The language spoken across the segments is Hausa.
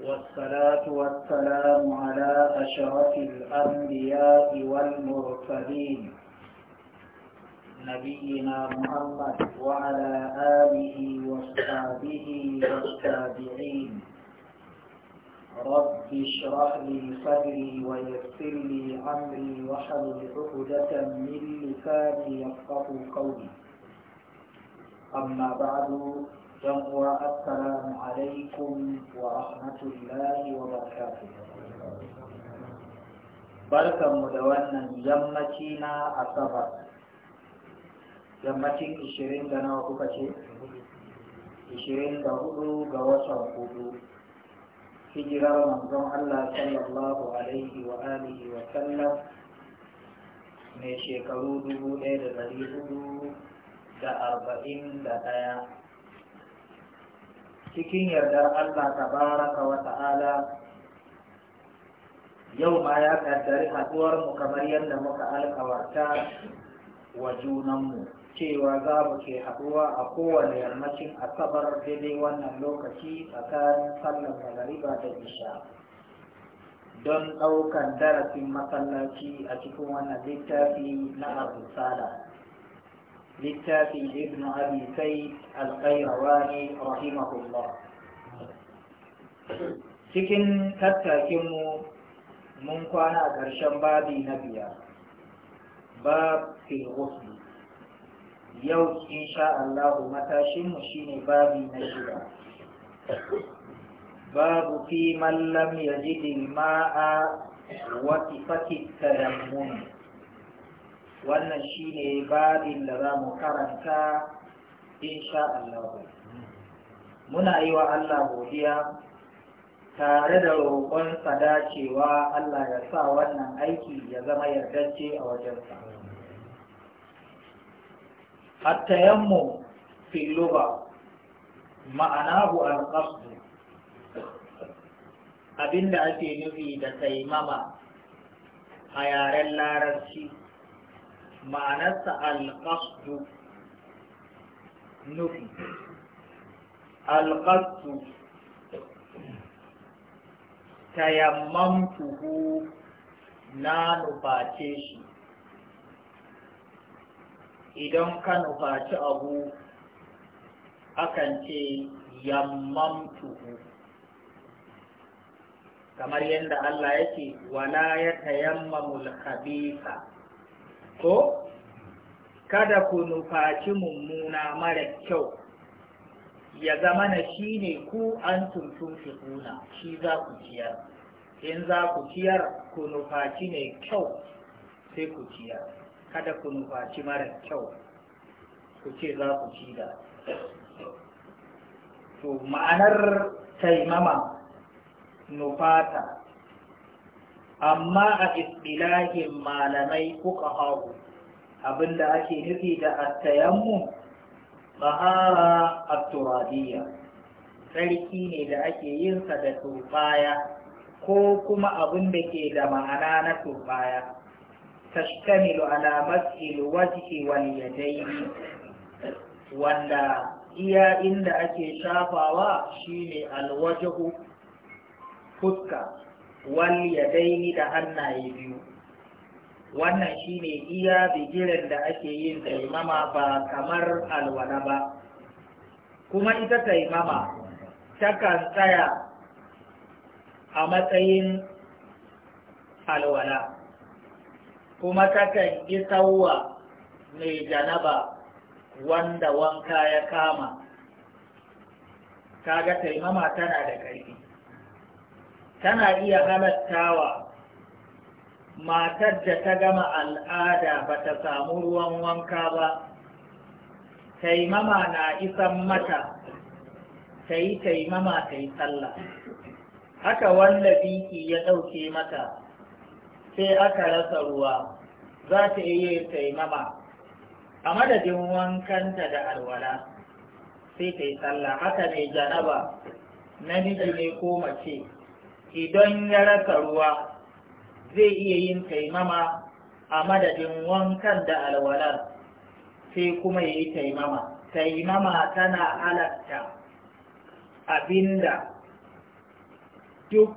والصلاة والسلام على أشرف الأنبياء والمرسلين نبينا محمد وعلى آله وصحبه والتابعين رب اشرح لي صدري ويسر لي أمري واحلل عقدة من لساني يفقه قولي أما بعد uwa assalamu alaikum wa rahmatullahi wa barakatuh barkanmu da wannan yammaci na asabar yammacin ishirin da nawa kuka ce Ishirin da hudu ga watan hudu hijirar manzon Allah sallallahu alaihi wa alihi wa sallam mai shekaru dubu ɗaya da dari hudu da arba'in da ɗaya cikin yardar Allah tabaraka wa ta'ala yau ma ya kaddari haduwar mu kamar yadda muka alkawarta wa junanmu cewa za mu ke haɗuwa a kowane yammacin asabar daidai wannan lokaci tsakanin sallar magariba da isha don ɗaukan darasin masallaci a cikin wannan littafi na abu sala littafi ibn abi sai alƙairawani rahimahullah cikin tattakinmu mun kwana a ƙarshen babi na biyar bab fi yau insha Allahu matashinmu shine babi na shida babu fi man lam yajid ma'a wa sifati tayammum wannan shi ne babin da za mu karanta insha Allah muna yi wa Allah godiya tare da roƙon cewa Allah ya sa wannan aiki ya zama yardacce a wajensa attayammu fi luga ma'anahu al-qasd abinda ake nufi da taimama a yaren larabci ma'anarsa alƙasdu nufi alƙasdu tayammamtuhu na nuface shi idan ka nufaci abu akan ce yammamtuhu kamar yadda Allah yake wala ya ta tayammamul khabitha ko kada ku nufaci mummuna mara kyau ya zama na shi ne ku an tuntun kuna shi za ku ciyar in za ku ciyar ku nufaci ne kyau sai ku ciyar kada ku nufaci mara kyau ku ce za ku ci da to ma'anar taimama nufata amma a istilahin malamai kuka hau abinda ake nufi da attayammu tsahara abturadiyya Sarki ne da ake yinsa da turbaya ko kuma abin da ke da ma'ana na turbaya tashkamilu ala mas'il wajhi wal yadayni wanda iya inda ake shafawa shine alwajhu fuska wal yadaini da hannaye biyu wannan shine iya bigiren da ake yin taimama ba kamar alwala ba kuma ita taimama takan tsaya a matsayin alwala kuma takan sauwa mai janaba wanda wanka ya kama kaga taimama tana da ƙarfi tana iya halattawa matar da ta gama al'ada ba ta samu ruwan wanka ba taimama na isan mata ta yi taimama ta yi sallah haka wanda biki ya ɗauke mata sai aka rasa ruwa za ta iya taimama a madadin wankanta da alwala sai ta yi sallah haka ne janaba namiji ne ko mace idan ya raka ruwa zai iya yin taimama a madadin wankan da alwalar sai kuma ya yi taimama taimama tana halatta abinda duk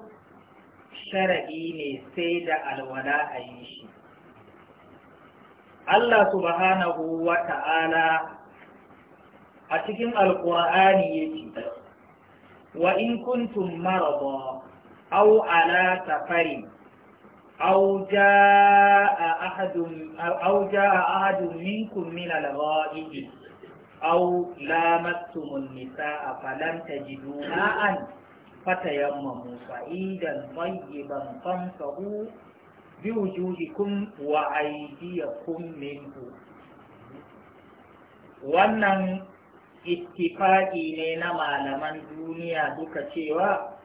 sharaɗi ne sai da alwala a yi shi Allah subhanahu wa ta'ala a cikin ya ce, wa in kuntum marada أو على سفر أو جاء أحد أو جاء أحد منكم من الغائب أو لامستم النساء فلم تجدوا ماء فتيمموا صعيدا طيبا فامسحوا بوجوهكم وأيديكم منه wannan ittifaƙi ne na malaman duniya duka cewa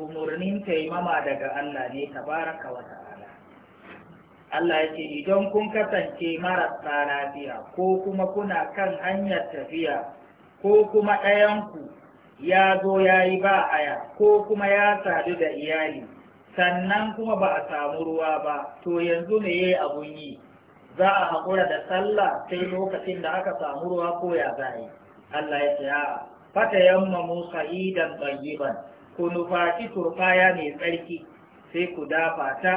umarnin taimama daga Allah ne tabaraka wata ta'ala Allah yake idan kun kasance marasa lafiya ko kuma kuna kan hanyar tafiya ko kuma ɗayanku ya zo ya yi ba aya ko kuma ya sadu da iyali sannan kuma ba a samu ruwa ba to yanzu me yayi abun yi za a haƙura da sallah sai lokacin da aka samu ruwa ko ya za Allah ya ce a'a fata yamma musa idan ban. ku nufaci turɓaya mai tsarki sai ku dafa ta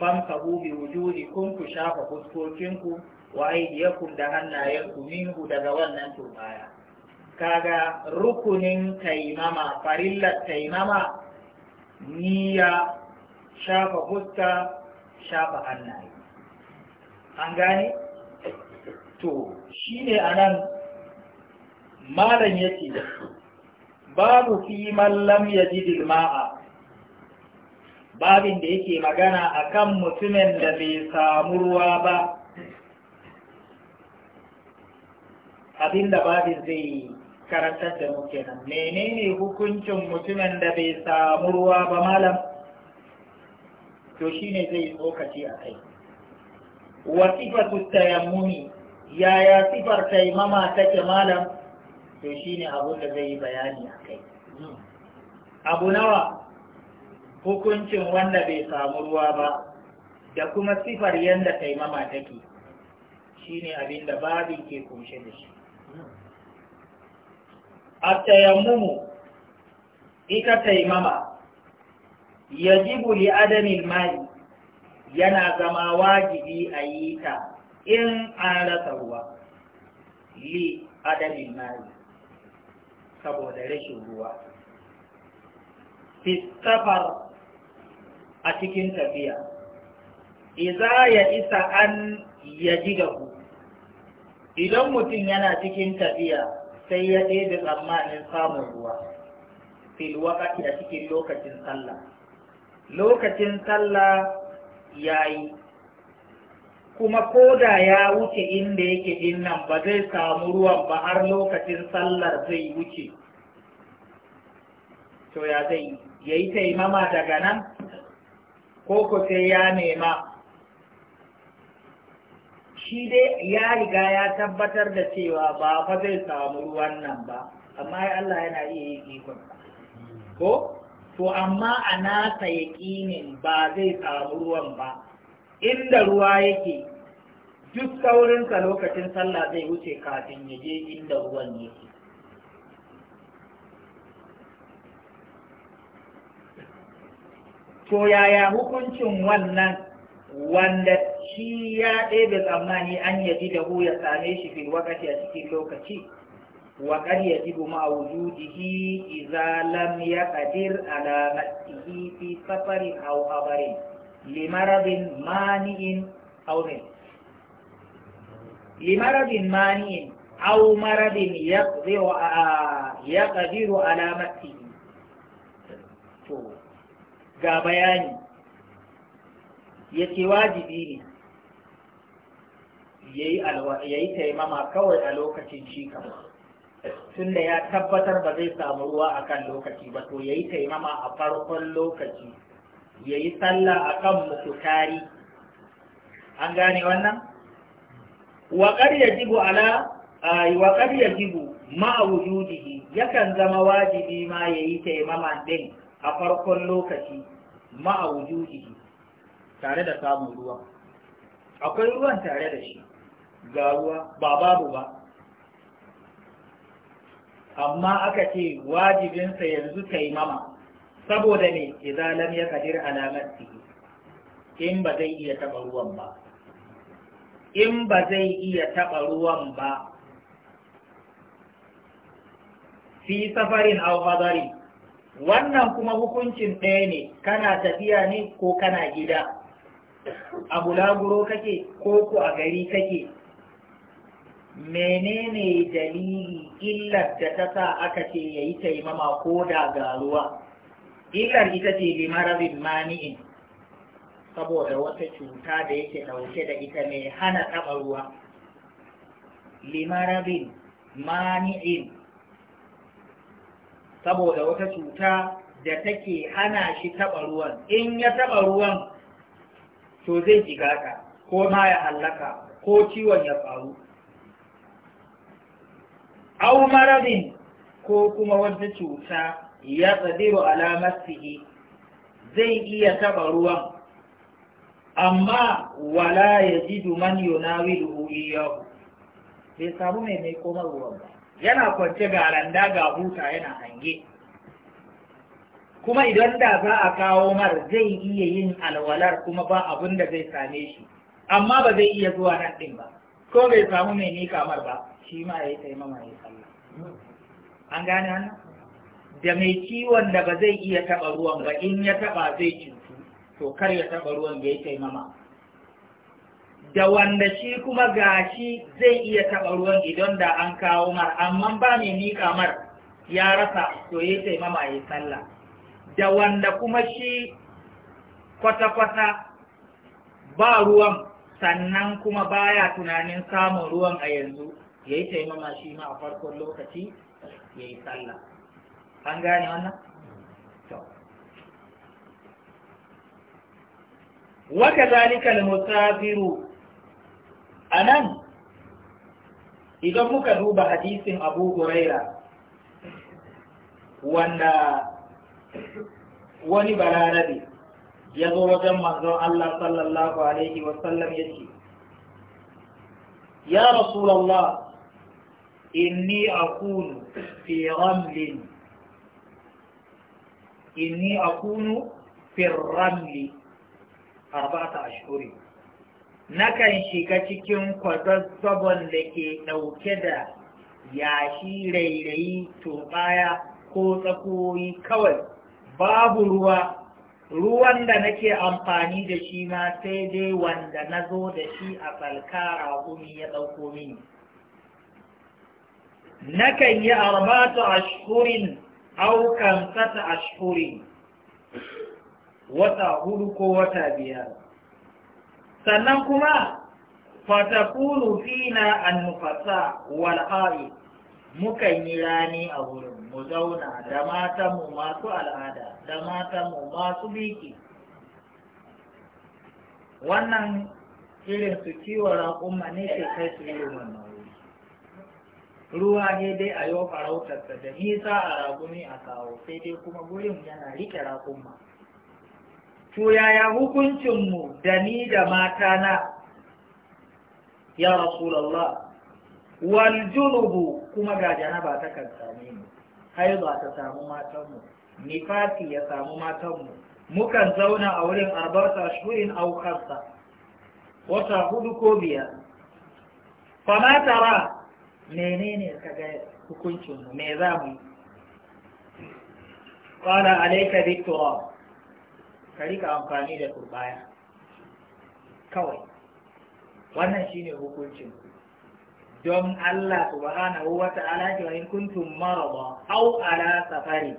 famka wujudi, kun ku shafa fuskokinku wa aidiyakum da hannayenku minhu daga wannan turfaya. kaga rukunin taimama farillar taimama niyya shafa fuska shafa hannaye an gane to shine anan malam yake babu fi mallam ya ji ma'a babin da yake magana a kan mutumin da bai samu ruwa ba abinda babin zai karantar da muke nan menene hukuncin mutumin da bai samu ruwa ba malam to shine zai tsokaci a kai wa sifatu tayammumi yaya sifar taimama take malam to shi ne abin da zai yi bayani a kai abu nawa hukuncin wanda bai samu ruwa ba da kuma sifar yadda taimama take shi ne abin da babin ke kunshe da shi a tayammumu ita taimama ji li adamin mai yana zama wajibi a yi ta in an rasa ruwa li adamin mai saboda rashin ruwa fistafar a cikin tafiya iza ya isa an yaji da ku idan mutum yana cikin tafiya sai ya ɗebe tsammanin samun ruwa fil waƙaƙi a cikin lokacin sallah lokacin sallah ya yi kuma ko da ya wuce inda yake dinnan ba zai samu ruwan ba har lokacin sallar zai wuce to ya zai ya yi taimama daga nan ko ko sai ya nema shi dai ya riga ya tabbatar da cewa ba fa zai samu ruwan nan ba amma Allah yana iya yi ikon ko to amma a nasa yaƙinin ba zai samu ruwan ba inda ruwa yake duk saurinsa lokacin sallah zai wuce kafin ya je inda ruwan yake to yaya hukuncin wannan wanda shi ya ɗebe tsammani an yaji da ya same shi fil wakati a cikin lokaci wa ji yajibu ma'a wuju, idza lam yaqdir ala fi safarin hau habarin limarabin mani'in aunin limaradin mani'in au marabin ya ƙadiru alamati to ga bayani ya wajibi ne ya yi taimama kawai a lokacin shi kama tunda ya tabbatar ba zai samu ruwa a kan lokaci ba to ya yi taimama a farkon lokaci ya yi sallah a kan tari. an gane wannan waƙar ya jibu ala waƙar ya jibu yakan zama wajibi ma ya yi taimaman ɗin a farkon lokaci yujihi tare da samun ruwa akwai ruwan tare da shi ga ruwa ba babu ba amma aka ce wajibinsa yanzu taimama saboda ne idan lam ya kadir alamar in ba zai iya taɓa ruwan ba in ba zai iya taɓa ruwan ba fi safarin aw wannan kuma hukuncin ɗaya ne kana tafiya ne ko kana gida a bulaguro kake ko ku a gari kake menene dalili illar da ta sa aka ce ya yi taimama ko da ga ruwa Illar ita ce bi marabin mani'in saboda wata cuta da yake dauke da ita mai hana taɓa ruwa limarabin mani'in saboda wata cuta da take hana shi taɓa ruwan in ya taɓa ruwan to zai jigata ko ma ya hallaka ko ciwon ya faru au marabin ko kuma wata cuta ya tsadiru alamasihi zai iya taba ruwan amma wala ya ji duman yunawi yau bai samu mai mai komar ruwan ba yana kwance ga randa ga huta yana hange kuma idan da za a kawo mar zai iya yin alwalar kuma ba abin da zai same shi amma ba zai iya zuwa nan ɗin ba ko bai samu mai ni mar ba shi ma ya yi taimama ya yi sallah an gane wannan da mai ciwon da ba zai iya taɓa ruwan ba in ya taɓa zai cutu to kar ya taɓa ruwan da ya taimama da wanda shi kuma gashi zai iya taɓa ruwan idan da an kawo mar amma ba mai miƙa mar ya rasa to ya taimama ya sallah da wanda kuma shi kwata-kwata ba ruwan sannan kuma baya tunanin samun ruwan a yanzu ya yi taimama shi ma a farkon lokaci ya yi sallah an gane wannan waka zalika musafiru a nan idan muka duba hadisin abu huraira wanda wani balarabe ya zo wajen manzon Allah sallallahu alaihi wa wasallam ya ce ya rasulallah inni akunu fi ramlin inni akunu firramli arba'ata ashhuri nakan shiga cikin kwazazzabon da ke ɗauke da yashi rairayi turbaya ko tsakoyi kawai babu ruwa ruwan da nake amfani da shi ma sai dai wanda na zo da shi a falkara gumi ya ɗauko mini nakan yi arba'ata ashurin au sata ashhuri wata hudu ko wata biyar sannan kuma Fatakulu, fina annufasa wal mukan yi rani a wurin mu zauna da matanmu masu al'ada da matanmu masu biki wannan irin su kiwon raƙumma ne ke kai su yi wannan ruwa ne dai a yau farautarsa da nisa a ragumi a kawo sai dai kuma gurin yana rike raƙumma to yaya hukuncinmu da ni da matana ya rasulallah wal junubu kuma ga janaba ta kan same mu ba ta samu matanmu nifasi ya samu matanmu mukan zauna a wurin albarka shurin aukarsa wata hudu ko biyar fama tara menene ka ga hukuncin me za mu qala alayka bitura ka rika amfani da turbaya kawai wannan shine hukuncin don Allah subhanahu wa ta'ala ce in kuntum marada aw ala safari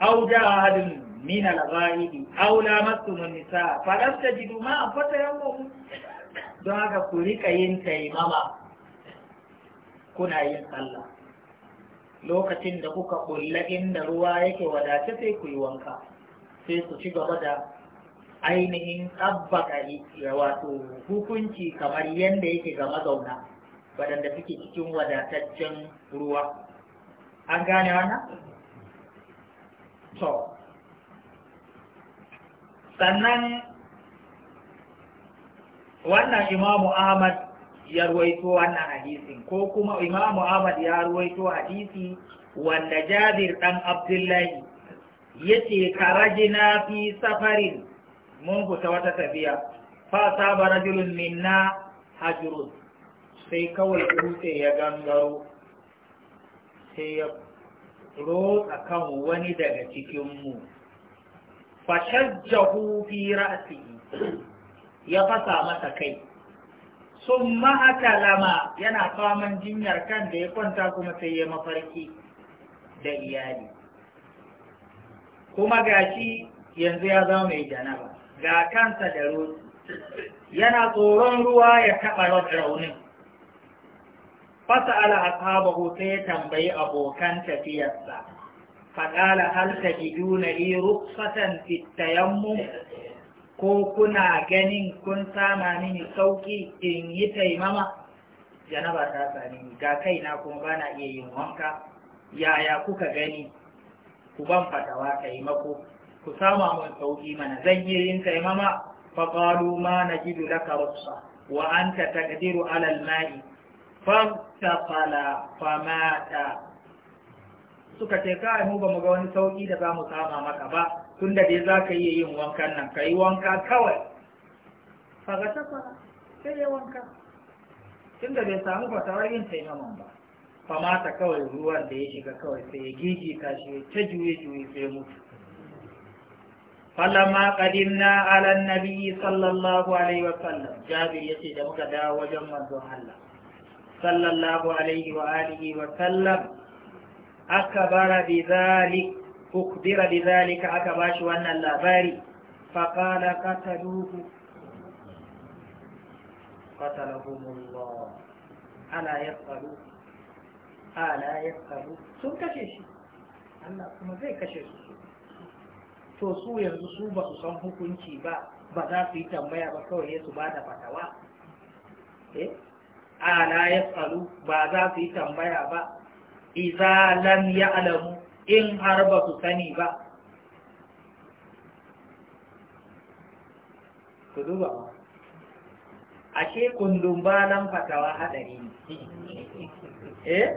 aw jaa ahadun min al-ghaibi aw lamastum an-nisa lam tajidu ma fatayammamu don haka ku rika yin taimama kuna yin sallah lokacin da kuka kulla inda ruwa yake wadace sai ku yi wanka sai ku ci gaba da ainihin tsabbaka wato hukunci kamar yadda yake ga mazauna waɗanda suke cikin wadataccen ruwa an gane wannan? to sannan wannan imamu ahmad ya ruwaito wannan hadisin ko kuma imamu ahmad ya ruwaito hadisi wanda jabir dan abdullahi yace karajina fi safarin mun fita wata tafiya fa saba rajulun minna hajrun sai kawai dutse ya gangaro sai ya rotsa kan wani daga cikinmu fashajjahu fi ra'sihi ya fasa masa kai sun ma'aka lama yana faman jinyar kan da ya kwanta kuma sai ya mafarki da iyali kuma gashi yanzu ya zama mai janaba ga kansa da ruwa yana tsoron ruwa ya taɓa raunin Fasa ala ashabahu sai ya tambayi abokan tafiyarsa faƙala hal tajiduna li rufsatan fitayen mu ko kuna ganin kun sama mini sauki in yi taimama janaba ta sami ga kaina kuma ba na iya yin wanka yaya kuka gani ku ban fatawa taimako ku sama mun sauki mana zan yi yin taimama fa qalu ma najidu laka rukhsa wa anta taqdiru ala al-ma'i fantaqala famata suka ce kai mu ba mu ga wani sauki da za mu sama maka ba tun da dai za ka iya yin wankan nan ka yi wanka kawai faga tafa sai ya wanka tun da bai samu fatawar yin taimaman ba mata kawai ruwan da ya shiga kawai sai ya gigi ta shi ta juye juye sai mutu falama na ala nabi sallallahu alaihi wa sallam jabir yace da muka dawo wajen manzon Allah sallallahu alaihi wa alihi wa sallam akbara bi dhalik أخبر بذلك أكباش aka bashi wannan labari fa qala qataluhu qatalahumullah ala yaqalu ala yaqalu sun kashe shi Allah kuma zai kashe su to su yanzu su ba su san hukunci ba ba za su yi tambaya ba kawai su ba da fatawa eh ala tsaru ba za su yi tambaya ba idza lam ya'lamu in har ba su sani ba ku duba ashe kundin nan fatawa haɗari ne eh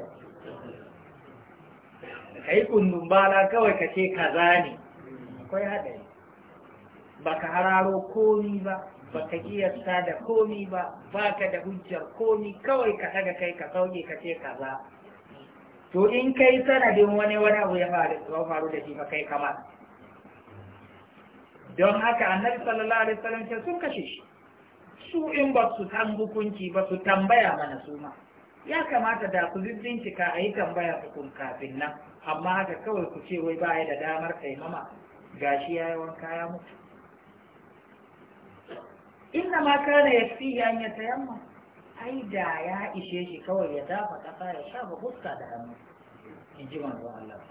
kai kundin bala kawai ka ce kaza ne akwai haɗari Ba ka hararo komi ba ba ka kiyasta da komi ba ba ka da hujjar komi kawai ka daga kai ka sauke ka ce kaza to in kai sanadin wani wani abu ya faru da shi ba kai kama don haka annabi sallallahu alaihi wasallam sun kashe shi su in ba su san hukunci ba su tambaya mana su ma ya kamata da ku bincika a yi tambaya hukun kafin nan amma haka kawai ku ce wai ba da damar taimama gashi ya yi wanka ya mutu inna ma kana yafi an ya yamma. ai da ya ishe shi kawai ya dafa ƙasa ya shafa fuska da hannu in ji manzon Allah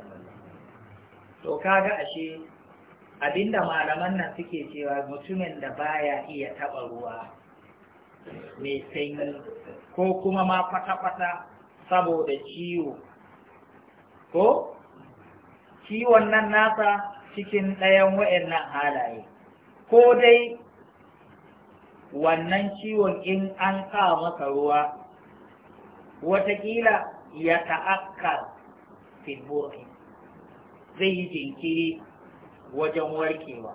to kaga ashe abinda malaman nan suke cewa mutumin da baya iya taɓa ruwa mai sanyi ko kuma ma kwata-kwata saboda ciwo ko ciwon nan nasa cikin ɗayan waɗannan halaye ko dai wannan ciwon in an sa masa ruwa watakila ya ta'akkar fitburin zai yi jinkiri wajen warkewa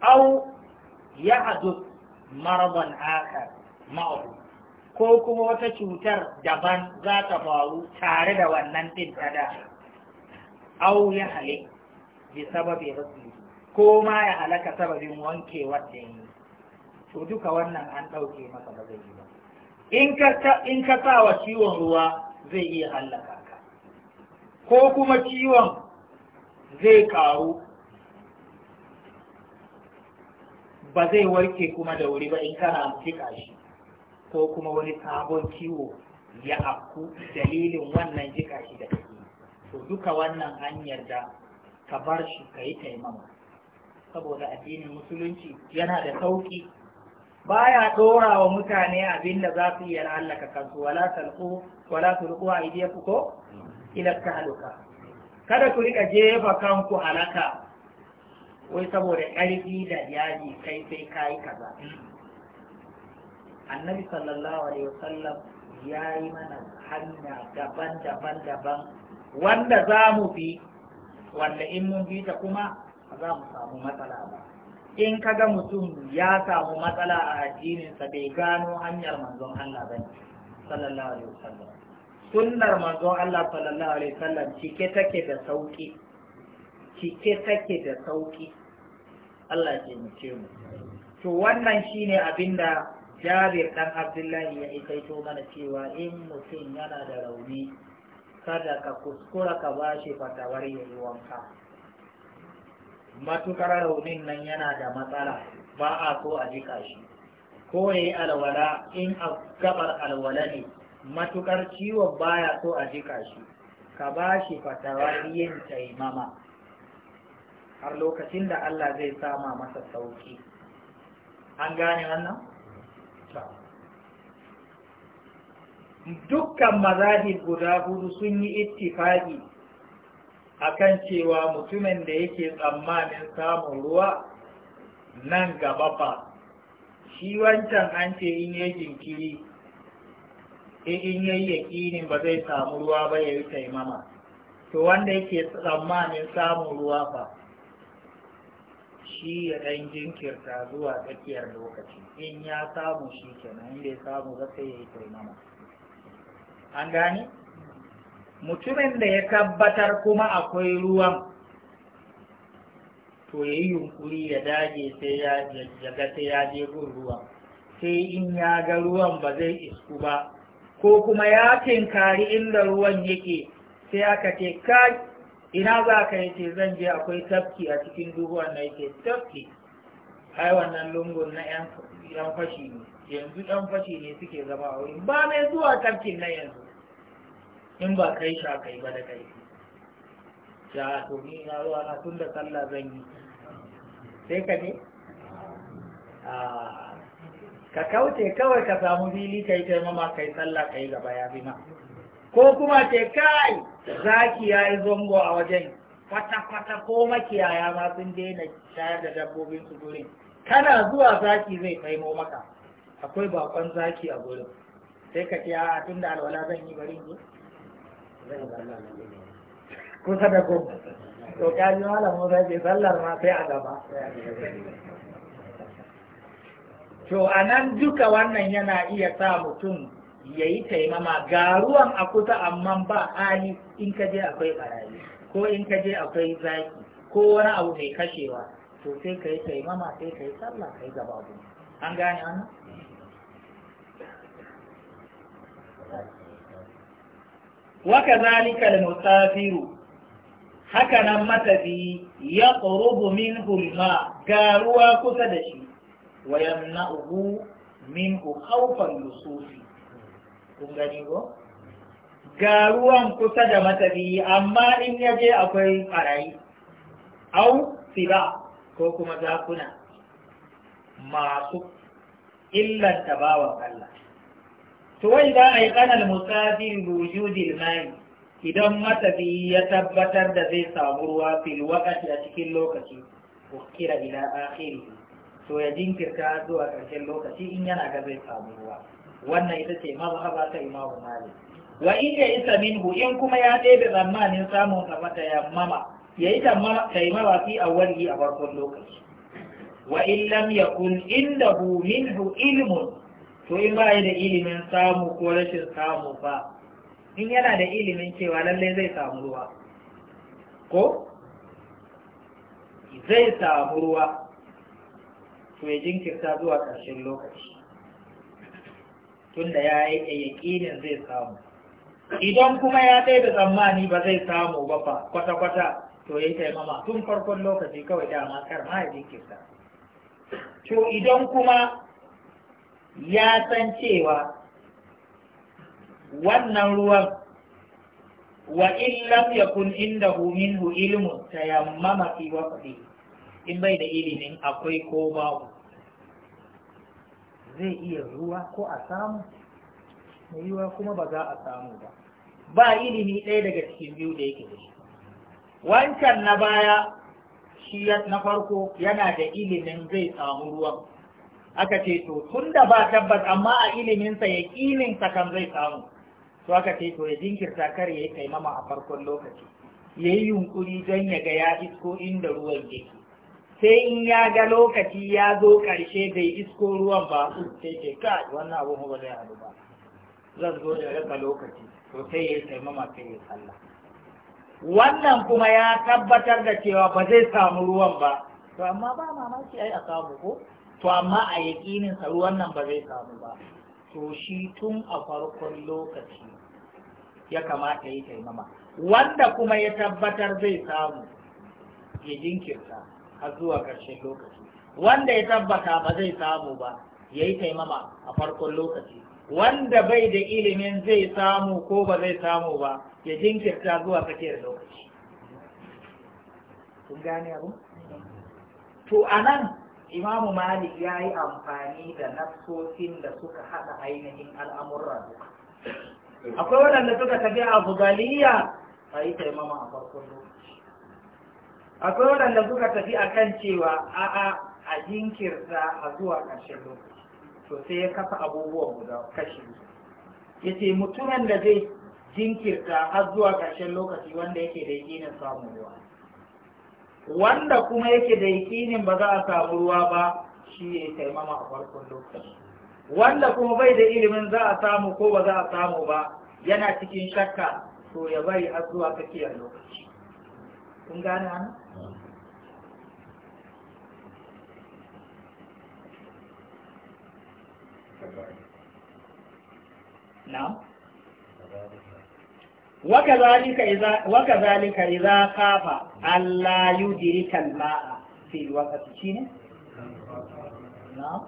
au ya hadu maraban akar ma'abu ko kuma wata cutar daban za ta faru tare da wannan ɗin ta da au ya hale bi sababi rasuli ko ma ya halaka sababin wanke da yi to duka wannan an ɗauke masa ba zai yi ba in ka sa wa ciwon ruwa zai iya hallaka ka ko kuma ciwon zai ƙaru ba zai warke kuma da wuri ba in kana jiƙa shi ko kuma wani sabon ciwo ya afku dalilin wannan jika shi da kake to duka wannan an yarda ka bar shi ka yi taimama saboda addinin musulunci yana da sauƙi baya dora wa mutane abin da za su iya halaka kansu wala talqu wala idiya ku ko ila haluka. kada ku rika jefa kanku halaka wai saboda ƙarfi da yaji kai sai kai kaza annabi sallallahu alaihi wasallam ya yi mana hanya daban-daban-daban wanda za mu bi wanda in mun bi ta kuma za mu samu matsala ba in kaga mutum ya samu matsala a addininsa bai gano hanyar manzon Allah bane sallallahu alaihi wasallam sunnar manzon Allah sallallahu alaihi wasallam cike take da sauki cike take da sauki Allah ya ce mu to wannan shine abinda Jabir dan Abdullahi ya to mana cewa in mutum yana da rauni kada ka kuskura ka bashi fatawar yayi wanka matukar raunin nan yana da matsala ba a so a jika shi ko yayi alwala in a gabar alwala ne matukar ciwon baya so a jika shi ka ba shi fatawariyin yin taimama har lokacin da Allah zai sama masa sauki an gane wannan? dukkan mazahib guda hudu sun yi ittifaqi akan cewa mutumin da yake tsammanin samun ruwa nan gaba fa shi wancan an ce in yi jinkiri in yi yaƙini ba zai samu ruwa ba ya yi taimama to wanda yake tsammanin samun ruwa fa shi ya ɗan jinkirta zuwa tsakiyar lokaci in ya samu shi kenan inda ya samu zai yi taimama an gane? mutumin da ya tabbatar kuma akwai ruwan to ya yi yunkuri ya dage sai ya ga sai ya je gun ruwan sai in ya ga ruwan ba zai isku ba ko kuma ya tinkari inda ruwan yake sai aka ce kai ina za ka yi ce zan je akwai tafki a cikin duhuwan na yake tafki ai wannan lungun na yan fashi ne yanzu yan fashi ne suke zama a wurin ba mai zuwa tafkin na yanzu in ba kai sha kai ba da kai ya to ni na ruwa na tun da sallah zan yi sai ka ne ka kauce kawai ka samu fili kai taimama kai sallah kai gaba ya bi ma ko kuma ce kai zaki ya yi zongo a wajen kwata-kwata ko makiyaya ma sun daina shayar da dabbobin su gurin kana zuwa zaki zai faimo maka akwai bakon zaki a gurin sai ka ce a tun da alwala zan yi bari ne kusa da ku, to kaji malam musa ke sallar ma sai a gaba to a nan duka wannan yana iya sa mutum ya yi taimama ga ruwan a kusa amma ba hali in ka je akwai barayi ko in ka je akwai zaki ko wani abu mai kashewa to sai ka yi taimama sai ka yi sallah ka yi gaba an gane wannan waka zalika da musafiru hakanan nan matafi ya tsorobu min hulma ga ruwa kusa da shi wa yamna'uhu min khawfan yusufi kun gani kusa da matafi amma in ya je akwai barayi au siba ko kuma zakuna masu illanta bawan Allah Tuwai wai za a yi ƙanar musafir wujudil mai idan matafi ya tabbatar da zai samu ruwa fil wakati a cikin lokaci kira ila akhiri to ya jinkirta zuwa ƙarshen lokaci in yana ga zai samu ruwa wannan ita ce ma mazhaba ta imamu malik wa in ya isa minhu in kuma ya ɗebe tsammanin samun sa mata yammama ya yi taimawa fi awwalihi a farkon lokaci wa in lam yakun indahu minhu ilmun to in ba da ilimin samu ko rashin samu ba in yana da ilimin cewa lallai zai samu ruwa ko zai samu ruwa to ya jinkirta zuwa ƙarshen lokaci tunda ya yi yaƙinin zai samu idan kuma ya kai da tsammani ba zai samu ba fa kwata-kwata to ya yi taimama tun farkon lokaci kawai dama kar ma ya jinkirta to idan kuma ya san cewa wannan ruwan wa in lam yakun hu, minhu ta tayammama fi waqti in bai da ilimin akwai ko babu zai iya ruwa ko a samu mai yiwa kuma ba za a samu ba ba ilimi ɗaya daga cikin biyu da yake da shi wancan na baya shi na farko yana da ilimin zai samu ruwan aka ce to tun da ba tabbas amma a iliminsa ya sa kan zai samu to aka ce to ya jinkirta kar ya yi taimama a farkon lokaci ya yi yunƙuri don ya ga ya isko inda ruwan yake sai in ya ga lokaci ya zo ƙarshe bai isko ruwan ba sai ce ka wannan abu ba zai haɗu ba zan zo da rasa lokaci to sai ya yi taimama sai ya sallah wannan kuma ya tabbatar da cewa ba zai samu ruwan ba to amma ba mamaki ai a samu ko to amma a yaƙinin sa ruwan nan ba zai samu ba to shi tun a farkon lokaci ya kamata ya taimama wanda kuma ya tabbatar zai samu ya jinkirta har zuwa ƙarshen lokaci wanda ya tabbata ba zai samu ba ya yi taimama a farkon lokaci wanda bai da ilimin zai samu ko ba zai samu ba ya jinkirta zuwa tsakiyar lokaci kun gane abu to a nan imamu malik ya yi amfani da nassosin da suka haɗa ainihin al'amurra duka akwai waɗanda suka tafi a bugaliya a yi taimama a farkon lokaci akwai waɗanda suka tafi a kan cewa a'a a jinkirta a zuwa ƙarshen lokaci to sai ya kafa abubuwan guda kashi ya ce mutumin da zai jinkirta har zuwa ƙarshen lokaci wanda yake da yakinin samun ruwa wanda kuma yake da yakinin ba za a samu ruwa ba shi ya taimama a farkon lokaci wanda kuma bai da ilimin za a samu ko ba za a samu ba yana cikin shakka to ya bari har zuwa a lokaci kun gane hannu na'am وكذلك إذا وكذلك إذا خاف ألا يدرك الماء في الوقت شنو؟ نعم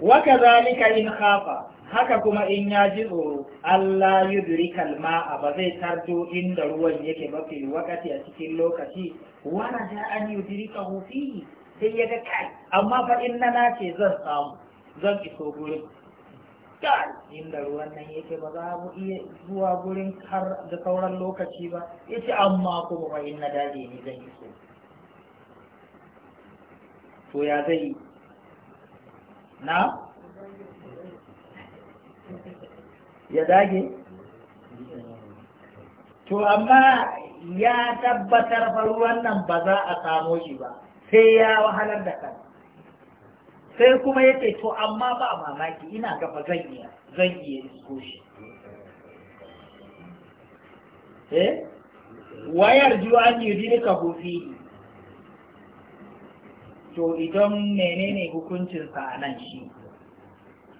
وكذلك إن خاف haka kuma in ya ji tsoro Allah yudrikal ma'a ba zai tardo inda ruwan yake ba fi wakati a cikin lokaci wara ja an yudrikahu fihi sai ya ga kai amma fa in na ce zan samu zan iso gurin kai inda ruwan nan yake ba za mu iya zuwa gurin har da sauran lokaci ba yace amma kuma ba inna daji ne zan yi so to ya zai na ya dage to amma ya tabbatar ba ruwan nan ba za a samo shi ba sai ya wahalar da kansa sai kuma yake to amma ba mamaki ina gaba zan iya zan iya isko shi eh wayar juwa ne yudini ka hufi to idan menene hukuncin sa nan shi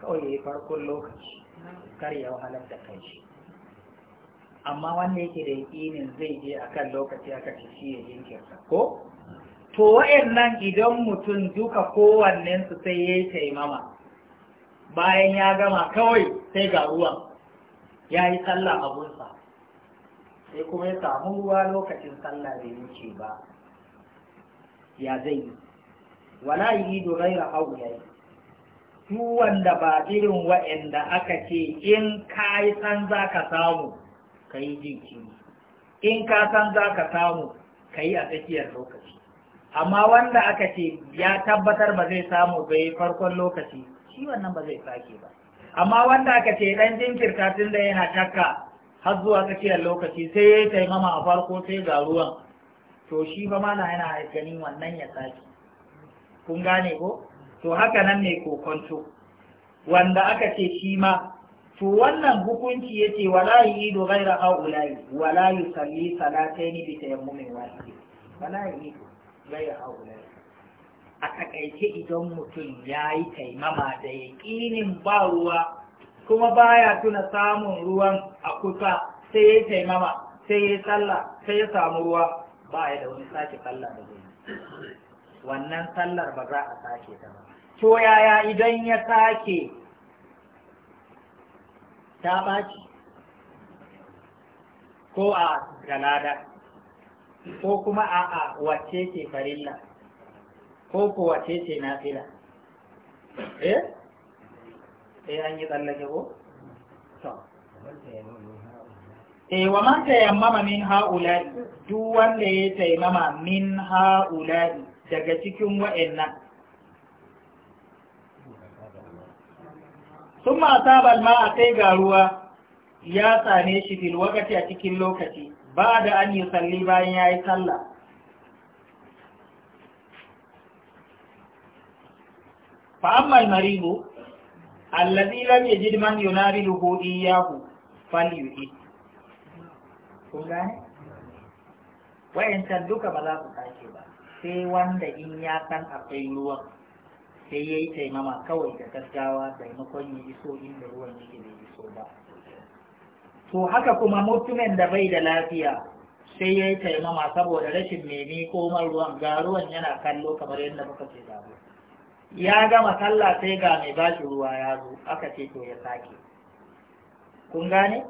kawai yayi farkon lokaci kar ya wahalar da kai shi amma wanda yake da yakinin zai je akan lokaci aka ci shi ya jinkirta ko to wayannan idan mutum duka kowannensu sai ya yi taimama bayan ya gama kawai sai ga ruwan ya yi sallah abunsa sai kuma ya samu ruwa lokacin sallah bai wuce ba ya zai yi wala yi do hau ya yi wanda ba irin wayanda aka ce in ka san za ka samu ka yi jinkiri in ka san za ka samu ka yi a tsakiyar lokaci amma wanda aka ce ya tabbatar ba zai samu bai farkon lokaci shi wannan ba zai sake ba amma wanda aka ce dan jinkirta tun da yana takka har zuwa tsakiyar lokaci sai ya yi taimama a farko sai ga ruwan to shi fa mana yana ganin wannan ya sake kun gane ko to haka nan ne kokonto wanda aka ce shi ma to wannan hukunci ya ce wala yidu ghaira haula'i wala ni bita bi mai wahidi wala ido. gaira haulai a takaice idan mutum ya yi taimama da yaƙinin ba ruwa kuma baya tuna samun ruwan a kusa sai ya yi taimama sai ya yi sallah sai ya samu ruwa ba ya da wani sake sallah da zai wannan sallar ba za a sake ta ba to yaya idan ya sake ta ɓaci ko a galada ko kuma a'a wace ce farilla ko ko wace ce nafila eh eh an yi tsallake ko to eh wa man tayammama min haula'i duk wanda ya taimama min haula'i daga cikin wa'annan sun ta balma a kai ga ruwa ya same shi fil wakati a cikin lokaci ba da an yi salli bayan ya yi sallah fa'ammal maribu allazi lam yajid man yunabiluhu iyyahu falyuhi ko gane wayancan duka ba za su tashi ba sai wanda in ya san akwai ruwan sai ya yi taimama kawai da gaggawa taimakon ya iso inda ruwan yake bai iso ba to haka kuma mutumin da bai da lafiya sai ya yi taimama saboda rashin memi ko ruwan ga ruwan yana kallo kamar yadda muka ce da ya gama sallah sai ga mai bashi ruwa ya zo aka ce to ya sake kun gane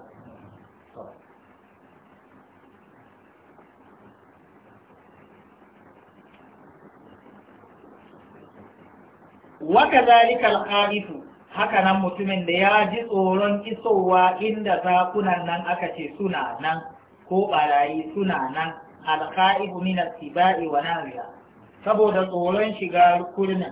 waka zalika al haka nan mutumin da ya ji tsoron isowa inda zakunan nan aka ce suna nan ko barayi suna nan alka'ibu min asibai wa nariya saboda tsoron shiga kurnin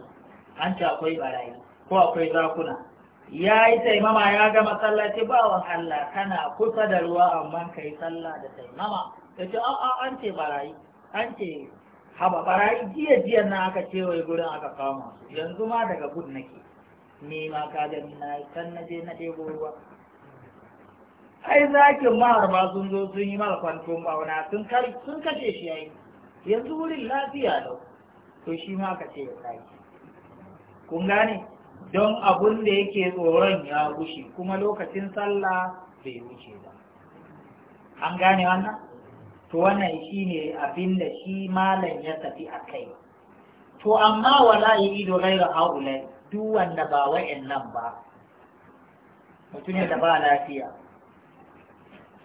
an ce akwai barayi ko akwai zakuna ya yi taimama ya ga masallaci bawan Allah kana kusa da ruwa amma kai yi sallah da taimama ta ce a'a an ce barayi an ce haba barayi jiya jiya na aka cewa gurin aka kama yanzu ma daga gud nake ni ma ka gani na yi kan na je na ɗebo ruwa ai zakin mahar ma sun zo sun yi mara kwanton bauna sun sun kashe shi yayi yanzu wurin lafiya lau to shi ma ka ce ya sake kun gane don abun da yake tsoron ya wuce kuma lokacin sallah bai wuce ba an gane wannan to wannan shi ne abin da shi malam ya tafi a kai to amma wala yi ido gaira haulai duk wanda ba wa'in nan ba mutum da ba lafiya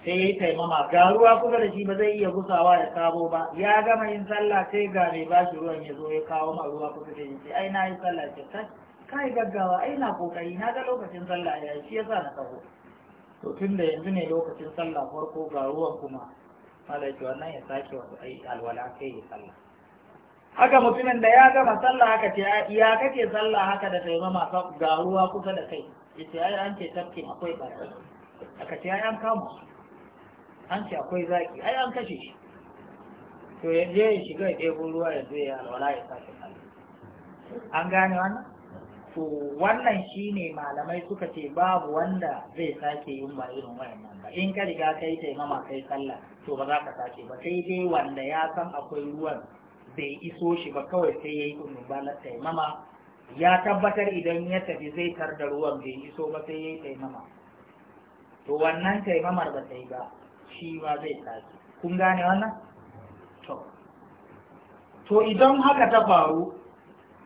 sai ya yi taimama ga ruwa kusa da shi ba zai iya gusawa da sabo ba ya gama yin sallah sai ga mai ba shi ruwan ya zo ya kawo ma ruwa kusa da shi ai na yi sallah ce kai gaggawa ai na kokari na ga lokacin sallah ya shi yasa na kaho to tun da yanzu ne lokacin sallah farko ga ruwan kuma malaki wannan ya sake wasu ai alwala sai ya sallah haka mutumin da ya gama sallah haka ce ya kake sallah haka da taimama ga ruwa kusa da kai yace ai an ce tafkin akwai barka aka ce ai an kama an ce akwai zaki ai an kashe shi to ya je ya shiga ya ɗebo ruwa ya zo ya alwala ya sake an gane wannan to wannan shine malamai suka ce babu wanda zai sake yin ba irin wannan ba in ka riga kai taimama kai sallah to ba za ka sake ba sai dai wanda ya san akwai ruwan bai iso shi ba kawai sai ya yi kunubalar taimama ya tabbatar idan ya tafi zai tar da ruwan bai iso ba sai ya yi taimama to wannan taimamar ba ta yi ba shi ma zai tashi kun gane wannan to to idan haka ta faru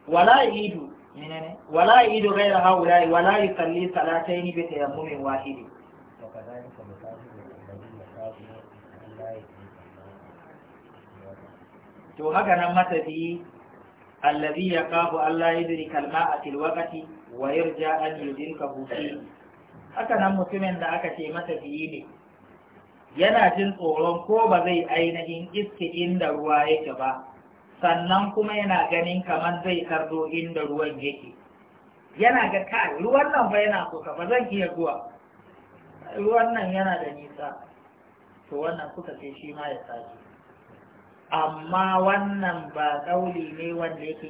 wala idu menene wala idu ghayra haula wala yusalli salatayn bi tayammumin wahidi wa kadhalika to haka nan matafi allazi ya kafu Allah ya diri kalma a tilwakati wa yarja an ka hufi haka nan mutumin da aka ce matafiyi ne yana jin tsoron ko ba zai ainihin iske inda ruwa yake ba sannan kuma yana ganin kamar zai kardo inda ruwan yake yana ga kai ruwan nan ba yana so ka ba zan iya zuwa ruwan nan yana da nisa to wannan suka ce shi ma ya sake amma wannan ba ƙauli ne wanda yake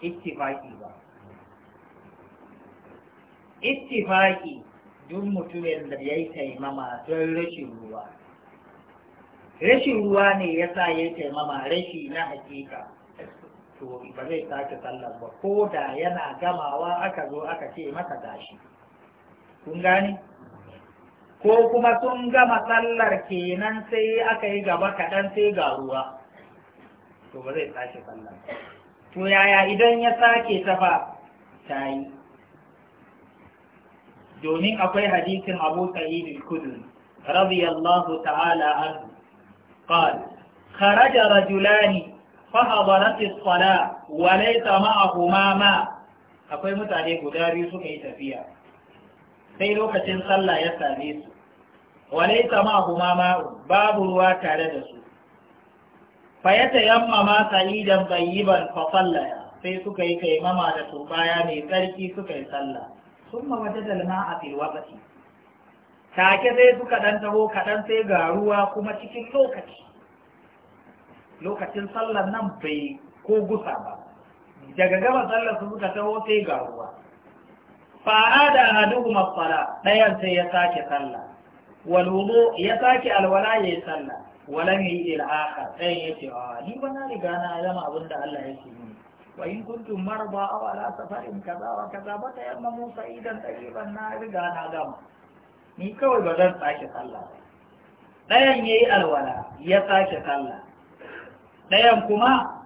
ittifaƙi ba ittifaƙi duk mutumin da ya yi taimama don rashin ruwa rashin ruwa ne ya sa ya yi taimama rashi na hakika to ba zai sake sallar ba ko da yana gamawa aka zo aka ce masa gashi kun gane ko kuma sun gama sallar kenan sai aka yi gaba kaɗan sai ga ruwa to ba zai sake sallar to yaya idan ya sake ta ba ta yi domin akwai hadisin abu sa'id al-kudri radiyallahu ta'ala anhu qala خرج رجلان فحضرت الصلاة a معهما ma. akwai mutane guda biyu suka yi tafiya sai lokacin sallah ya same su wale sama huma ma babu ruwa tare da su fayata yamma ma sa'idan bayyiban fa sallaya sai suka yi kaimama da turbaya mai tsarki suka yi sallah sun ma wata dalma a filwakati take sai suka ɗan taho kaɗan sai ga ruwa kuma cikin lokaci lokacin sallar nan bai ko gusa ba daga gama sallar su suka taho sai ga ruwa fa'ada ahaduhum as-sala ɗayan sai ya sake sallah walwudu ya sake alwala ya yi sallah walam yi il'aka sai ya ce a ni ba na riga na zama abin da Allah ya ce ni wa in kuntum marba aw ala safarin kaza wa kaza ba ta yamma musa idan tayyiban na riga na gama ni kawai ba zan sake sallah Dayan ɗayan ya yi alwala ya sake sallah dayan kuma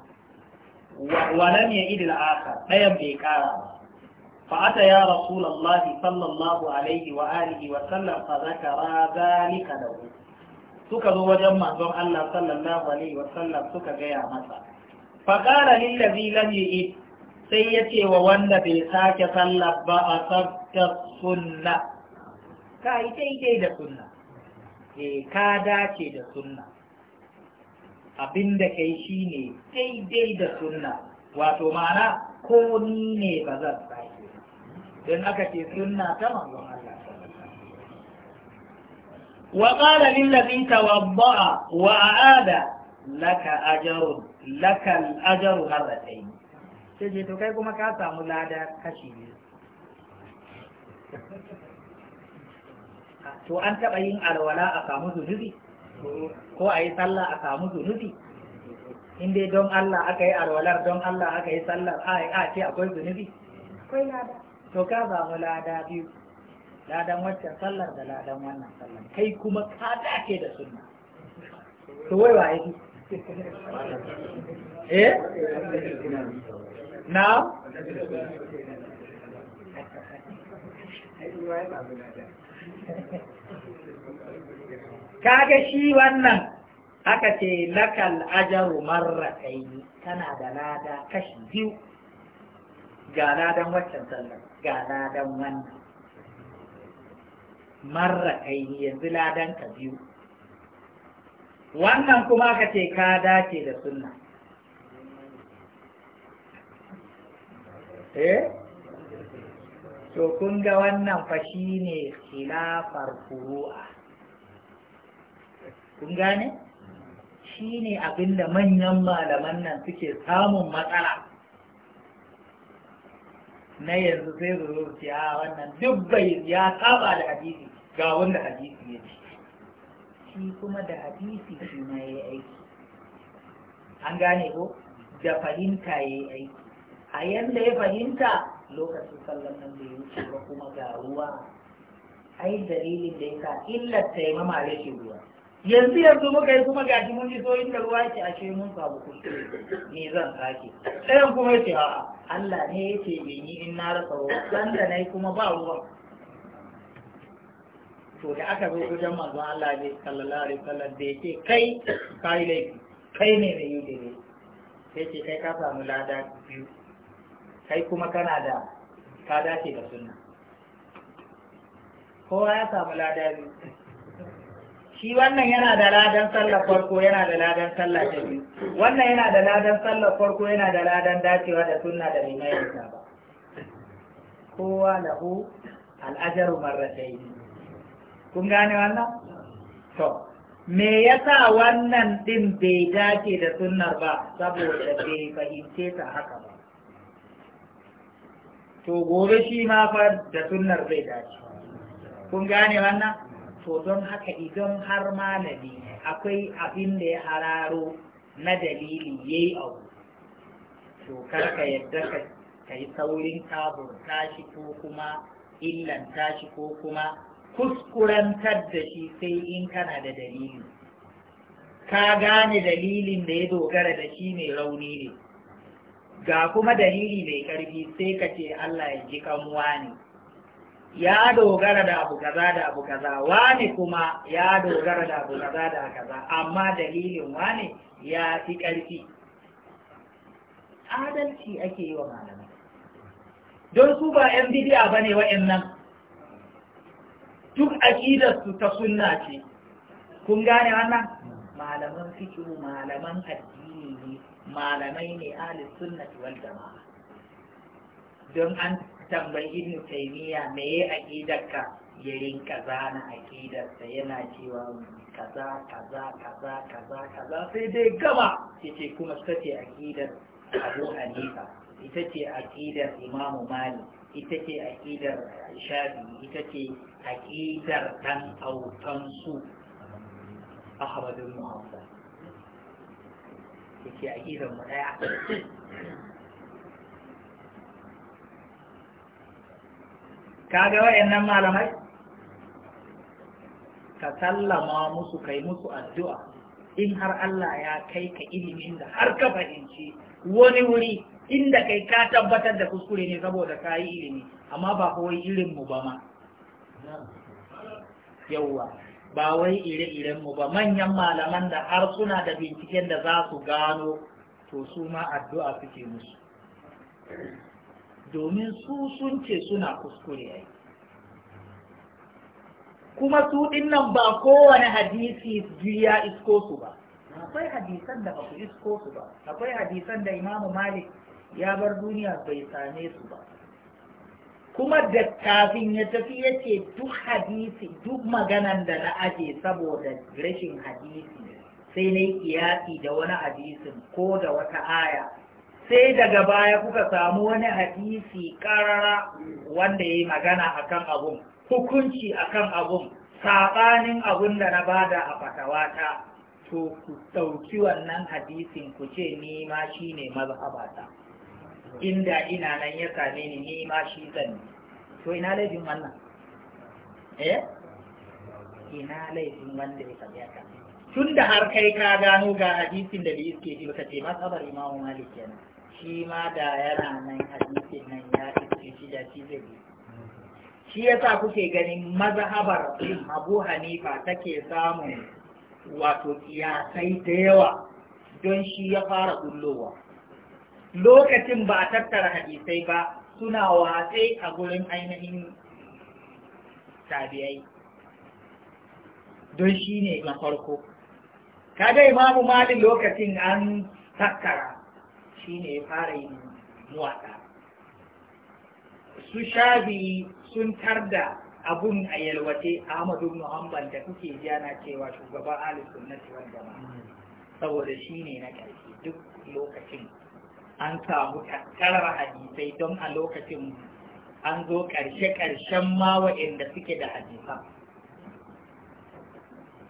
walam ya idil aka dayan bai kara ba فأتى يا رسول الله صلى الله عليه وآله وسلم فذكر ذلك له suka zo wajen manzon Allah sallallahu alaihi wa sallam suka gaya masa faqala lil ladhi lam yu'id sai yace wa wanda bai sake sallah ba a sabta sunna ka yi dai-dai da sunna eh ka dace da sunna abinda kai shine dai-dai da sunna wato ma'ana ko ni ne ba zan tsaya in aka ce sunna ta manzon Allah wa qala lil ladhi tawadda wa aada laka ajru laka al ajru marratayn sai je to kai kuma ka samu lada kashi ne. to an taɓa yin alwala a samu zunubi ko a yi sallah a samu zunubi in dai don Allah aka yi alwalar don Allah aka yi sallar a ce akwai zunubi akwai lada to ka mu lada biyu ladan waccan sallar da ladan wannan sallar kai kuma ka dace da sunna to wai wa yi eh na kaga shi wannan aka ce lakal ajaru marrataini kana da lada kashi biyu ga ladan waccan sallar ga don wannan marra kai yanzu ladan ka biyu wannan kuma ka ce ka dace da sunna eh to kun ga wannan fa shine khilafar furu'a kun gane shine abinda manyan malaman nan suke samun matsala na yanzu sai su zo su a ah, wannan duk bai ya saba da hadisi ga wanda hadisi ya ce shi kuma da hadisi shi ma ya aiki an gane ko da fahimta ya yi aiki a yadda ya fahimta lokacin sallan nan bai wuce ba kuma ga ruwa ai dalilin da ya sa illar taimama ke ruwa yanzu yanzu muka yi kuma gashi mun so inda ruwa yake ake mun samu kuskure ne zan sake ɗayan kuma yace a'a Allah ne yace bai yi in na rasa ruwa dan da nayi kuma ba ruwa to da aka zo wajen manzon Allah ne sallallahu alaihi wasallam da yake kai kai laifi kai ne mai yi dare yace kai ka samu lada biyu kai kuma kana da ka dace da sunna kowa ya samu lada biyu shi wannan yana da ladan sallar farko yana da ladan sallar ta biyu wannan yana da ladan sallar farko yana da ladan dacewa da sunna da limayarsa ba kowa lahu al'ajaru marratai kun gane wannan to me yasa wannan din bai dace da sunnar ba saboda bai fahimce ta haka ba to gobe shi ma fa da sunnar bai dace kun gane wannan to don haka idan har malami akwai abin da ya hararo na dalili ya yi abu to karka yadda ka yi saurin kabur tashi ko kuma illan tashi ko kuma kuskurantar da shi sai in kana da dalili ka gane dalilin da ya dogara da shi mai rauni ne ga kuma dalili mai karfi sai ka ce Allah ya ji kamuwa ne ya dogara da abu kaza da abu kaza wani kuma ya dogara da abu kaza da kaza amma dalilin wani ya fi ƙarfi adalci ake yi wa malamai don su ba yan bidiya ba ne nan. duk aƙidarsu ta sunna ce kun gane wannan malaman fiki malaman addini ne malamai ne ahli sunnati wal jama'a don an tambayi ibn taymiya me ya aqidarka ya rinka zana aqidarsa yana cewa kaza kaza kaza kaza kaza sai dai gama yace kuma sace aqidar Abu Hanifa ita ce aqidar Imam mali ita ce aqidar Shafi ita ce aqidar ɗan autan su ahmadu Muhammad yace aqidar mu daya Ka kaga wayannan malamai ka sallama musu kai musu addu'a in har Allah ya kai ka ilimin da har ka fahimci wani wuri inda kai ka tabbatar da kuskure ne saboda ka yi ilimi amma ba kawai irin mu ba ma yauwa ba wai ire-iren mu ba manyan malaman da har suna da binciken da za su gano to su ma addu'a suke musu domin su sun ce suna kuskure kuma su dinnan ba kowane hadisi ya isko su ba akwai hadisan da ba ku isko su ba akwai hadisan da imamu malik ya bar duniya bai same su ba kuma da kafin ya tafi ya ce duk hadisi duk maganan da na aje saboda rashin hadisi sai na yi kiyasi da wani hadisin ko da wata aya sai daga baya kuka samu wani hadisi karara wanda ya yi magana akan abun hukunci akan abun saɓanin abun da na bada a fatawata to ku ɗauki wannan hadisin ku ce ni ma shi ne mazhabata inda ina nan ya same ni ni ma shi zan to ina laifin wannan eh ina laifin wanda ya same ka tunda har kai ka gano ga hadisin da bi iske shi baka ce mazhabar imamu malik kenan shi ma da yana nan hadisin nan ya ce shi da shi zai shi yasa kuke ganin mazhabar Abu Hanifa take samun wato kiyasai da yawa don shi ya fara kullowa lokacin ba a tattara hadisai ba suna watse a gurin ainihin tabi'ai don shi ne na farko kada imamu malin lokacin an tattara shine ya fara yin muwaɗa su shabi sun tarda abun a yalwace Ahmadu Muhammad da kuke ana cewa shugaban Ali Sunnati wal Jama'a saboda shine na ƙarshe duk lokacin an samu tattara hadisai don a lokacin an zo ƙarshe-ƙarshen ma waɗanda suke da hadisan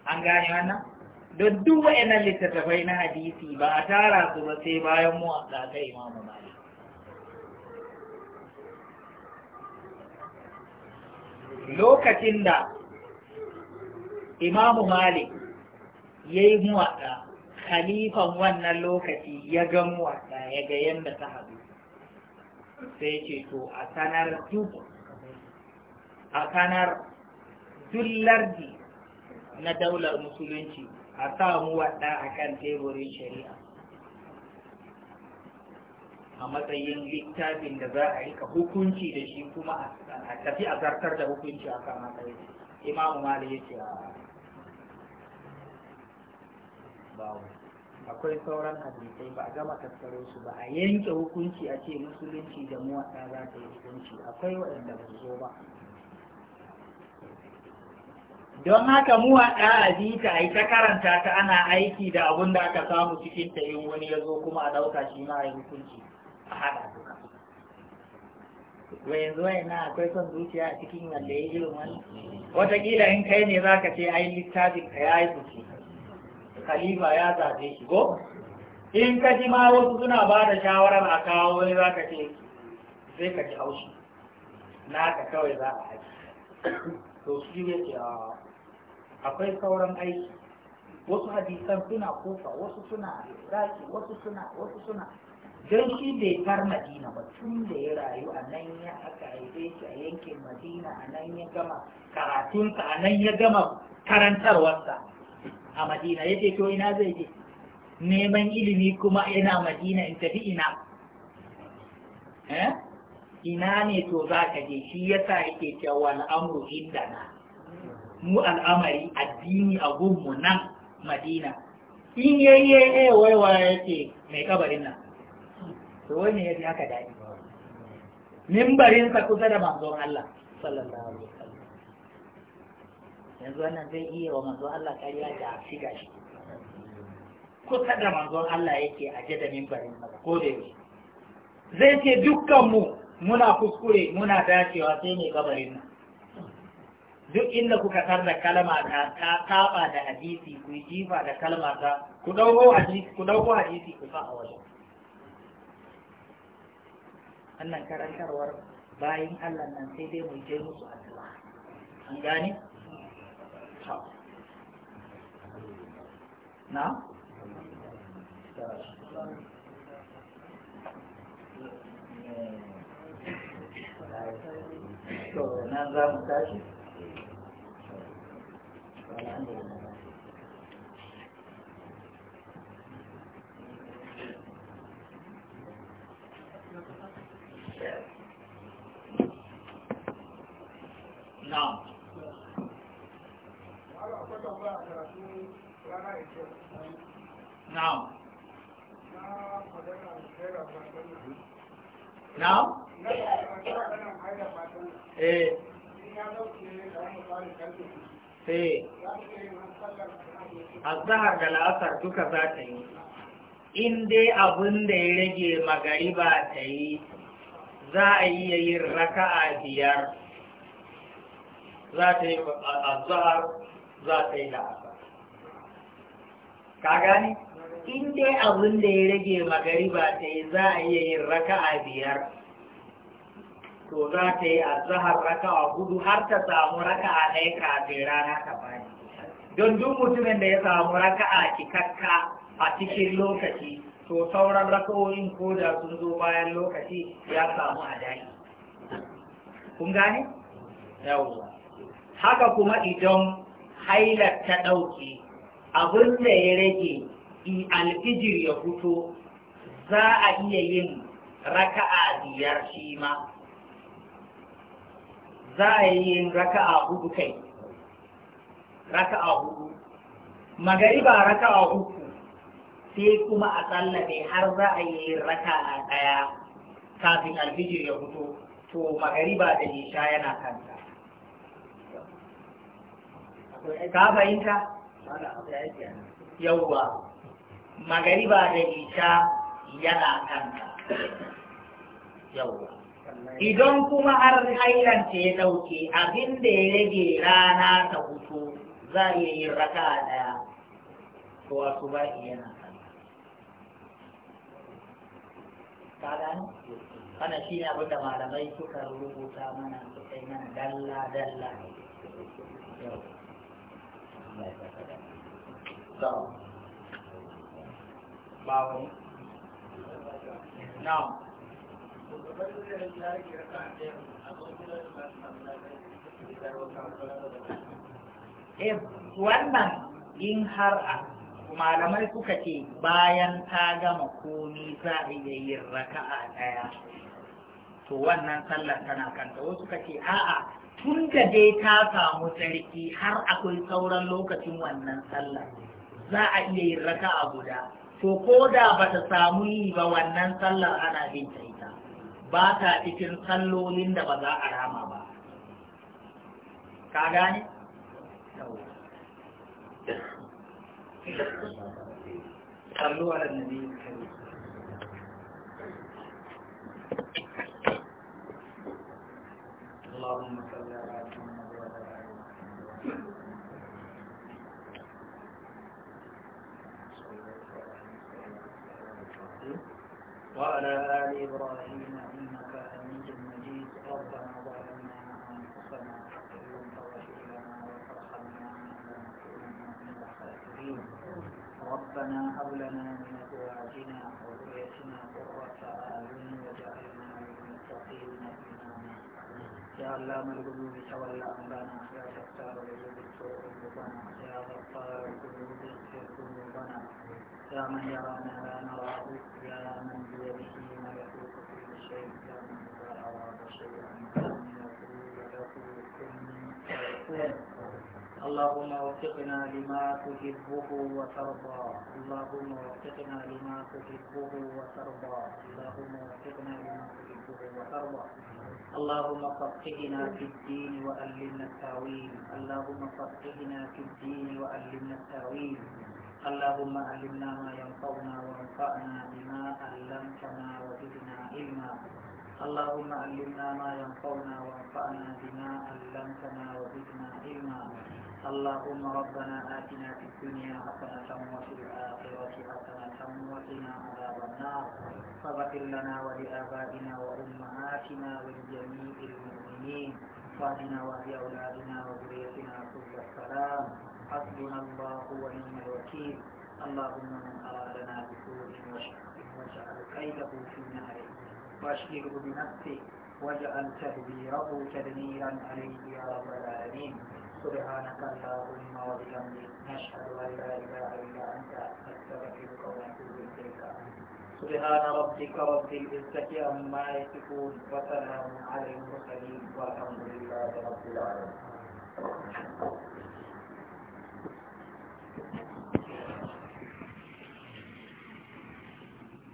an gane wannan don duk wa'annan littattafai na hadisi ba a tara su ba sai bayan mu a tsaga imamu malik lokacin da imamu malik ya yi muwaɗa khalifan wannan lokaci ya ga muwaɗa ya ga yadda ta hadu, sai ce to a sanar duk a sanar dullar na daular musulunci a sa mu waɗa a kan teburin shari'a a matsayin littafin da za a rika hukunci da shi kuma a tafi a zartar da hukunci a kan matsayi imamu mali ya ce akwai sauran hadisai ba a gama tattaro su ba a yanke hukunci a ce musulunci da muwaɗa za ta yi hukunci akwai waɗanda ba zo ba don haka mu haɗa a bi ta a yi ta karanta ta ana aiki da abun da aka samu cikin ta yin wani ya zo kuma a ɗauka shi ma a yi hukunci a haɗa duka wai yanzu wai na akwai son zuciya a cikin wanda ya yi wani Wataƙila in kai ne za ka ce ai littafin ka ya yi fushi khalifa ya zaɓe shi ko in ka ji ma wasu suna ba da shawarar a kawo wani za ka ce sai ka ji haushi naka kawai za a haji to shi ne ke a ah. akwai sauran aiki wasu hadisan suna kofa wasu suna raki wasu suna wasu suna don shi bai far madina ba tun da ya rayu a nan ya aka haife shi a yankin madina a nan ya gama karatunsa a nan ya gama karantarwarsa a madina ya ce to ina zai je neman ilimi kuma yana madina in tafi ina eh? ina ne to za ka je shi yasa yake cewa al'amru na. mu al'amari addini a gunmu nan madina in yayye waiwa ya ce mai kabarin nan to wani ya fi haka daɗi mimbarinsa kusa da manzon Allah sallallahu alaihi wasallam yanzu wannan zai iya wa manzon Allah kariya da shiga shi kusa da manzon Allah yake aje da mimbarin ko da yake zai ce dukkan mu muna kuskure muna dacewa sai mai kabarin nan duk inda kuka tarda kalma ta ta saba da hadisi ku yi jifa da kalma ta ku dauko hadisi ku dauko hadisi ku sa a waje annan karantarwar bayin Allah nan sai dai mu je musu addu'a an gane na to nan Na'am. Na'am. Na'am? Eh. sai azahar da la'asar duka za ta yi in dai abin da ya rage magariba ta yi za a yi iya yin raka'a biyar za ta yi azahar za ta yi la'asar ka gani in dai abin da ya rage magariba ta yi za a yi iya yin raka'a biyar to za ta yi azahar a hudu har ta samu raka raka'a ɗaya kafin rana ta bani don duk mutumin da ya samu raka a cikakka a cikin lokaci to sauran raka'o'in ko da sun zo bayan lokaci ya samu adai kun gane yawwa haka kuma idan hailar ta ɗauke abin da ya rage alfijir ya fito za a iya yin raka'a biyar shi ma za a yi raka a hudu kai raka a hudu raka a uku sai kuma a tsallabe har za a yi raka a daya kafin alfijir ya hudu to magari ba da nisha yana kanta ka fahimta yauwa ba da nisha yana kanta yauwa idan kuma har hailanta ya dauke abin da ya rage rana ta hutu za a iya yin raka ɗaya to wasu ba iya na gano wannan shi ne abinda malamai suka rubuta mana su kai mana dalla dalla Now. Eh, wannan in har malamai suka ce bayan ta gama komi za a iya yin raka'a ɗaya to wannan sallar tana kanta wasu suka ce a'a tun da dai ta samu sarki har akwai sauran lokacin wannan sallar za a iya yin raka'a guda to ko da ba ta samu yi ba wannan sallar ana binta. ta ba ta cikin tsallolin da ba za a rama ba ka gane? وعلى آل إبراهيم ربنا ظلمنا لنا ربنا هب لنا من ازواجنا وذريتنا قرة اعين وجعلنا للمتقين اماما يا علام القلوب تولى امرنا يا ستار القلوب اغفر قلوبنا يا غفار القلوب اغفر قلوبنا يا من يرانا لا نراه يا من بيده ملكوت كل شيء يا من اللهم وفقنا لما تحبه وترضى اللهم وفقنا لما تحبه وترضى اللهم وفقنا لما تحبه وترضى اللهم فقهنا في الدين وألمنا التاويل اللهم فقهنا في الدين وألمنا التاويل اللهم علمنا ما ينفعنا وانفعنا بما علمتنا وزدنا علما اللهم علمنا ما ينفعنا وانفعنا بما علمتنا وزدنا علما اللهم ربنا آتنا في الدنيا حسنة وفي الآخرة حسنة وقنا عذاب النار فاغفر لنا ولآبائنا وأمهاتنا ولجميع المؤمنين واهدنا واهل أولادنا وذريتنا كل السلام حسبنا الله ونعم الوكيل اللهم من أرادنا بسوء وشر واجعل كيده في نهره واشهد بنفسي واجعل تدبيره تدميرا علي يا رب العالمين سبحانك اللهم وبحمدك نشهد أن لا إله إلا أنت نستغفرك ونتوب إليك سبحان ربك رب العزة عما يصفون وسلام على المرسلين والحمد لله رب العالمين